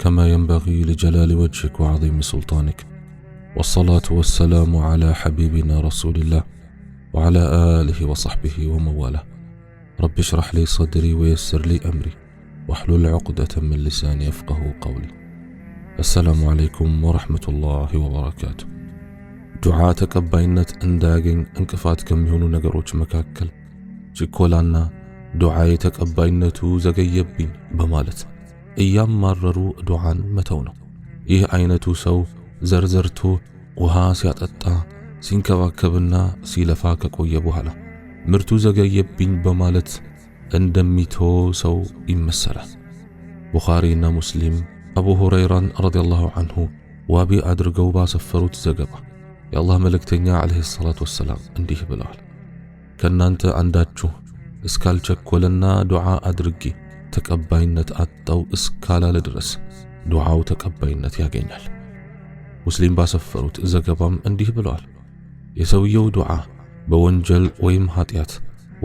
كما ينبغي لجلال وجهك وعظيم سلطانك والصلاه والسلام على حبيبنا رسول الله وعلى اله وصحبه ومن والاه رب اشرح لي صدري ويسر لي امري واحلل عقده من لساني يفقه قولي السلام عليكم ورحمه الله وبركاته بينت ተቀባይነት انكفات كم يونو ነገሮች مكاكل ችኮላና دعايتك بينتو ዘገየብኝ بمالتنا እያማረሩ ዱዓን መተው ነው። ይህ አይነቱ ሰው ዘርዘርቶ ውሃ ሲያጠጣ ሲንከባከብና ሲለፋ ከቆየ በኋላ ምርቱ ዘገየብኝ በማለት እንደሚቶ ሰው ይመሰላል። ቡኻሪና ሙስሊም አቡ ሁረይራን ረዲየላሁ አንሁ ዋቢ አድርገው ባሰፈሩት ዘገባ የአላህ መልእክተኛ ዓለይሂ ሰላቱ ወሰላም እንዲህ ብለዋል። ከእናንተ አንዳችሁ እስካልቸኮለና ዱዓ አድርጌ ተቀባይነት አጣው እስካላለ ድረስ ዱዓው ተቀባይነት ያገኛል። ሙስሊም ባሰፈሩት ዘገባም እንዲህ ብለዋል። የሰውየው ዱዓ በወንጀል ወይም ኃጢአት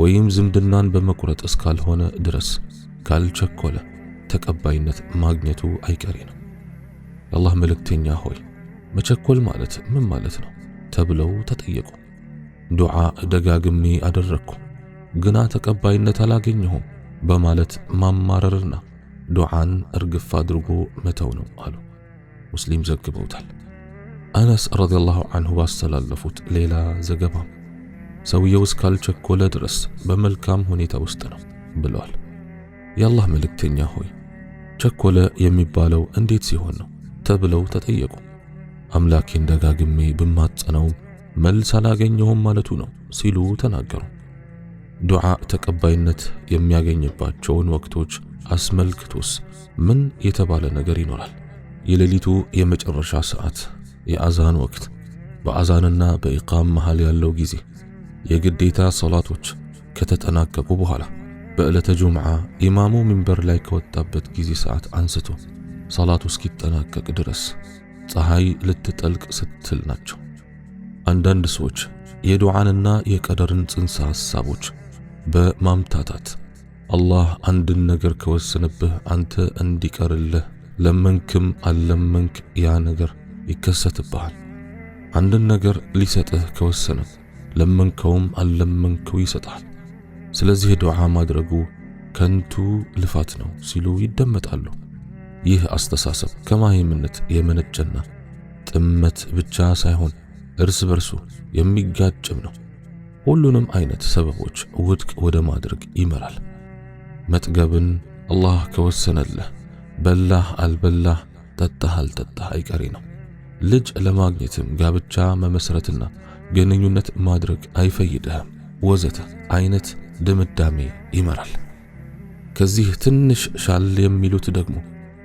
ወይም ዝምድናን በመቁረጥ እስካልሆነ ድረስ ካልቸኮለ ተቀባይነት ማግኘቱ አይቀሬ ነው። የአላህ መልእክተኛ ሆይ መቸኮል ማለት ምን ማለት ነው? ተብለው ተጠየቁ። ዱዓ ደጋግሜ አደረግኩ ግና ተቀባይነት አላገኘሁም በማለት ማማረርና ዱዓን እርግፍ አድርጎ መተው ነው አሉ። ሙስሊም ዘግበውታል። አነስ ረዲየላሁ አንሁ ባስተላለፉት ሌላ ዘገባ ሰውየው እስካልቸኮለ ድረስ በመልካም ሁኔታ ውስጥ ነው ብለዋል። የአላህ መልእክተኛ ሆይ ቸኮለ የሚባለው እንዴት ሲሆን ነው ተብለው ተጠየቁ። አምላኬን ደጋግሜ ብማጸነውም መልስ አላገኘሁም ማለቱ ነው ሲሉ ተናገሩ። ዱዓ ተቀባይነት የሚያገኝባቸውን ወቅቶች አስመልክቶስ ምን የተባለ ነገር ይኖራል? የሌሊቱ የመጨረሻ ሰዓት፣ የአዛን ወቅት፣ በአዛንና በኢቃም መሃል ያለው ጊዜ፣ የግዴታ ሰላቶች ከተጠናቀቁ በኋላ በዕለተ ጁምዓ ኢማሙ ሚንበር ላይ ከወጣበት ጊዜ ሰዓት አንስቶ ሰላቱ እስኪጠናቀቅ ድረስ ፀሐይ ልትጠልቅ ስትል ናቸው። አንዳንድ ሰዎች የዱዓንና የቀደርን ጽንሰ ሐሳቦች በማምታታት አላህ አንድን ነገር ከወሰነብህ አንተ እንዲቀርልህ ለመንክም አልለመንክ ያ ነገር ይከሰትብሃል። አንድን ነገር ሊሰጥህ ከወሰነ ለመንከውም አልለመንከው ይሰጣል። ስለዚህ ዱዓ ማድረጉ ከንቱ ልፋት ነው ሲሉ ይደመጣሉ። ይህ አስተሳሰብ ከማህይምነት የመነጨና ጥመት ብቻ ሳይሆን እርስ በርሱ የሚጋጭም ነው። ሁሉንም አይነት ሰበቦች ውድቅ ወደ ማድረግ ይመራል። መጥገብን አላህ ከወሰነልህ በላህ አልበላህ፣ ጠጣህ አልጠጣህ አይቀሬ ነው። ልጅ ለማግኘትም ጋብቻ መመስረትና ግንኙነት ማድረግ አይፈይድህም፣ ወዘተ አይነት ድምዳሜ ይመራል። ከዚህ ትንሽ ሻል የሚሉት ደግሞ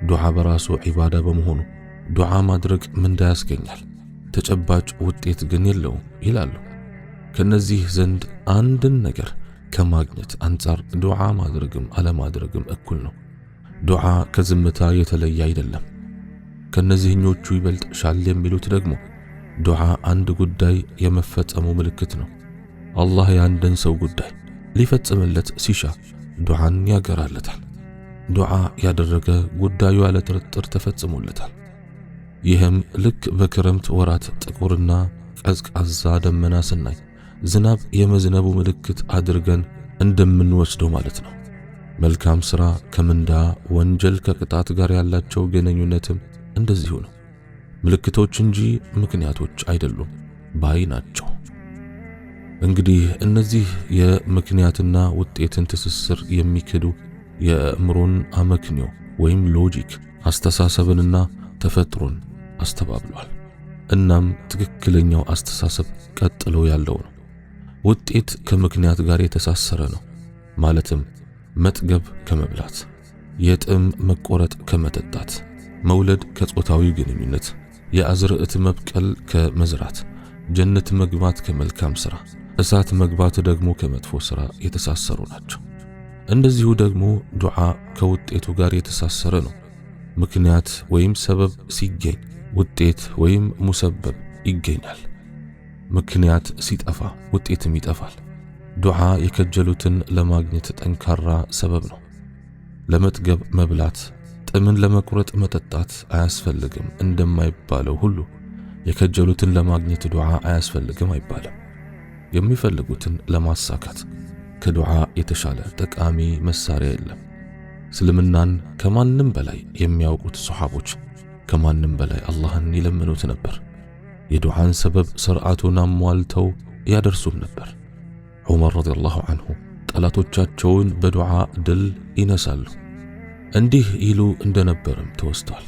ዱዓ በራሱ ዒባዳ በመሆኑ ዱዓ ማድረግ ምንዳ ያስገኛል፣ ተጨባጭ ውጤት ግን የለውም ይላሉ። ከነዚህ ዘንድ አንድን ነገር ከማግኘት አንጻር ዱዓ ማድረግም አለማድረግም እኩል ነው። ዱዓ ከዝምታ የተለየ አይደለም። ከነዚህኞቹ ይበልጥ ሻል የሚሉት ደግሞ ዱዓ አንድ ጉዳይ የመፈጸሙ ምልክት ነው። አላህ የአንድን ሰው ጉዳይ ሊፈጽምለት ሲሻ ዱዓን ያገራለታል። ዱዓ ያደረገ ጉዳዩ ያለ ጥርጥር ተፈጽሞለታል። ይህም ልክ በክረምት ወራት ጥቁርና ቀዝቃዛ ደመና ስናይ ዝናብ የመዝነቡ ምልክት አድርገን እንደምንወስደው ማለት ነው። መልካም ሥራ ከምንዳ ወንጀል ከቅጣት ጋር ያላቸው ግንኙነትም እንደዚሁ ነው። ምልክቶች እንጂ ምክንያቶች አይደሉም ባይ ናቸው። እንግዲህ እነዚህ የምክንያትና ውጤትን ትስስር የሚክዱ የእምሮን አመክንዮ ወይም ሎጂክ አስተሳሰብንና ተፈጥሮን አስተባብሏል። እናም ትክክለኛው አስተሳሰብ ቀጥሎ ያለው ነው። ውጤት ከምክንያት ጋር የተሳሰረ ነው። ማለትም መጥገብ ከመብላት፣ የጥም መቆረጥ ከመጠጣት፣ መውለድ ከጾታዊ ግንኙነት፣ የአዝርዕት መብቀል ከመዝራት፣ ጀነት መግባት ከመልካም ሥራ፣ እሳት መግባት ደግሞ ከመጥፎ ሥራ የተሳሰሩ ናቸው። እንደዚሁ ደግሞ ዱዓ ከውጤቱ ጋር የተሳሰረ ነው። ምክንያት ወይም ሰበብ ሲገኝ ውጤት ወይም ሙሰበብ ይገኛል። ምክንያት ሲጠፋ ውጤትም ይጠፋል። ዱዓ የከጀሉትን ለማግኘት ጠንካራ ሰበብ ነው። ለመጥገብ መብላት፣ ጥምን ለመቁረጥ መጠጣት አያስፈልግም እንደማይባለው ሁሉ የከጀሉትን ለማግኘት ዱዓ አያስፈልግም አይባልም። የሚፈልጉትን ለማሳካት ከዱዓ የተሻለ ጠቃሚ መሳሪያ የለም። እስልምናን ከማንም በላይ የሚያውቁት ሶሓቦች ከማንም በላይ አላህን ይለምኑት ነበር። የዱዓን ሰበብ ስርዓቱን አሟልተው ያደርሱም ነበር። ዑመር ረዲየላሁ አንሁ ጠላቶቻቸውን በዱዓ ድል ይነሳሉ። እንዲህ ይሉ እንደነበርም ተወስቷል።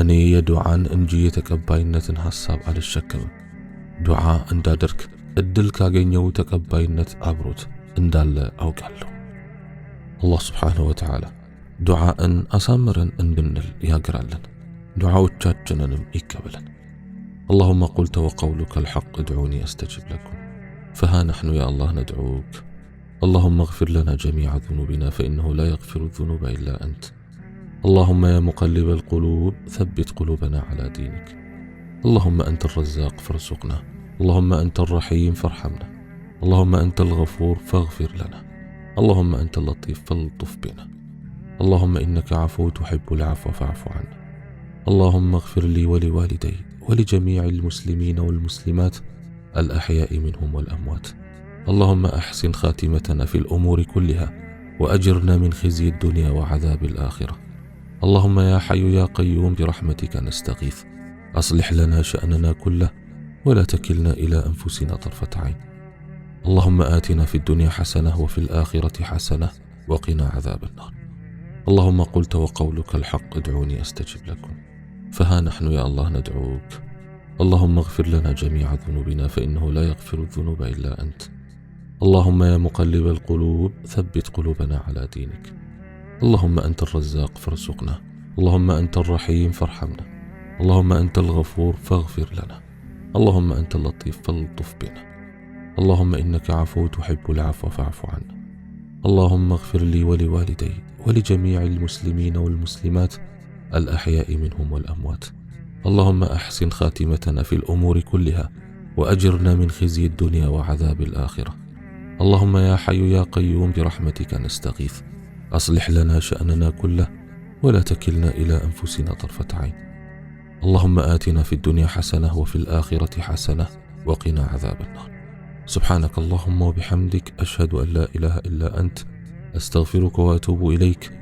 እኔ የዱዓን እንጂ የተቀባይነትን ሐሳብ አልሸከምም። ዱዓ እንዳደርግ እድል ካገኘው ተቀባይነት አብሮት እንዳለ አውቃለሁ። አላህ ስብሓንሁ ወተዓላ ዱዓእን አሳምረን እንድንል ያግራለን፣ ዱዓዎቻችንንም ይቀበለን። اللهم قلت وقولك الحق ادعوني استجب لكم فها نحن يا الله ندعوك اللهم اغفر لنا جميع ذنوبنا فانه لا يغفر الذنوب الا انت اللهم يا مقلب القلوب ثبت قلوبنا على دينك اللهم انت الرزاق فارزقنا اللهم انت الرحيم فارحمنا اللهم انت الغفور فاغفر لنا اللهم انت اللطيف فالطف بنا اللهم انك عفو تحب العفو فاعف عنا اللهم اغفر لي ولوالدي ولجميع المسلمين والمسلمات الأحياء منهم والأموات اللهم أحسن خاتمتنا في الأمور كلها وأجرنا من خزي الدنيا وعذاب الآخرة اللهم يا حي يا قيوم برحمتك نستغيث أصلح لنا شأننا كله ولا تكلنا إلى أنفسنا طرفة عين اللهم آتنا في الدنيا حسنة وفي الآخرة حسنة وقنا عذاب النار اللهم قلت وقولك الحق ادعوني أستجب لكم فها نحن يا الله ندعوك اللهم اغفر لنا جميع ذنوبنا فإنه لا يغفر الذنوب إلا أنت اللهم يا مقلب القلوب ثبت قلوبنا على دينك اللهم أنت الرزاق فارزقنا اللهم أنت الرحيم فارحمنا اللهم أنت الغفور فاغفر لنا اللهم أنت اللطيف فالطف بنا اللهم إنك عفو تحب العفو فاعف عنا اللهم اغفر لي ولوالدي ولجميع المسلمين والمسلمات الأحياء منهم والأموات اللهم أحسن خاتمتنا في الأمور كلها وأجرنا من خزي الدنيا وعذاب الآخرة اللهم يا حي يا قيوم برحمتك نستغيث أصلح لنا شأننا كله ولا تكلنا إلى أنفسنا طرفة عين اللهم آتنا في الدنيا حسنة وفي الآخرة حسنة وقنا عذاب النار سبحانك اللهم وبحمدك أشهد أن لا إله إلا أنت أستغفرك وأتوب إليك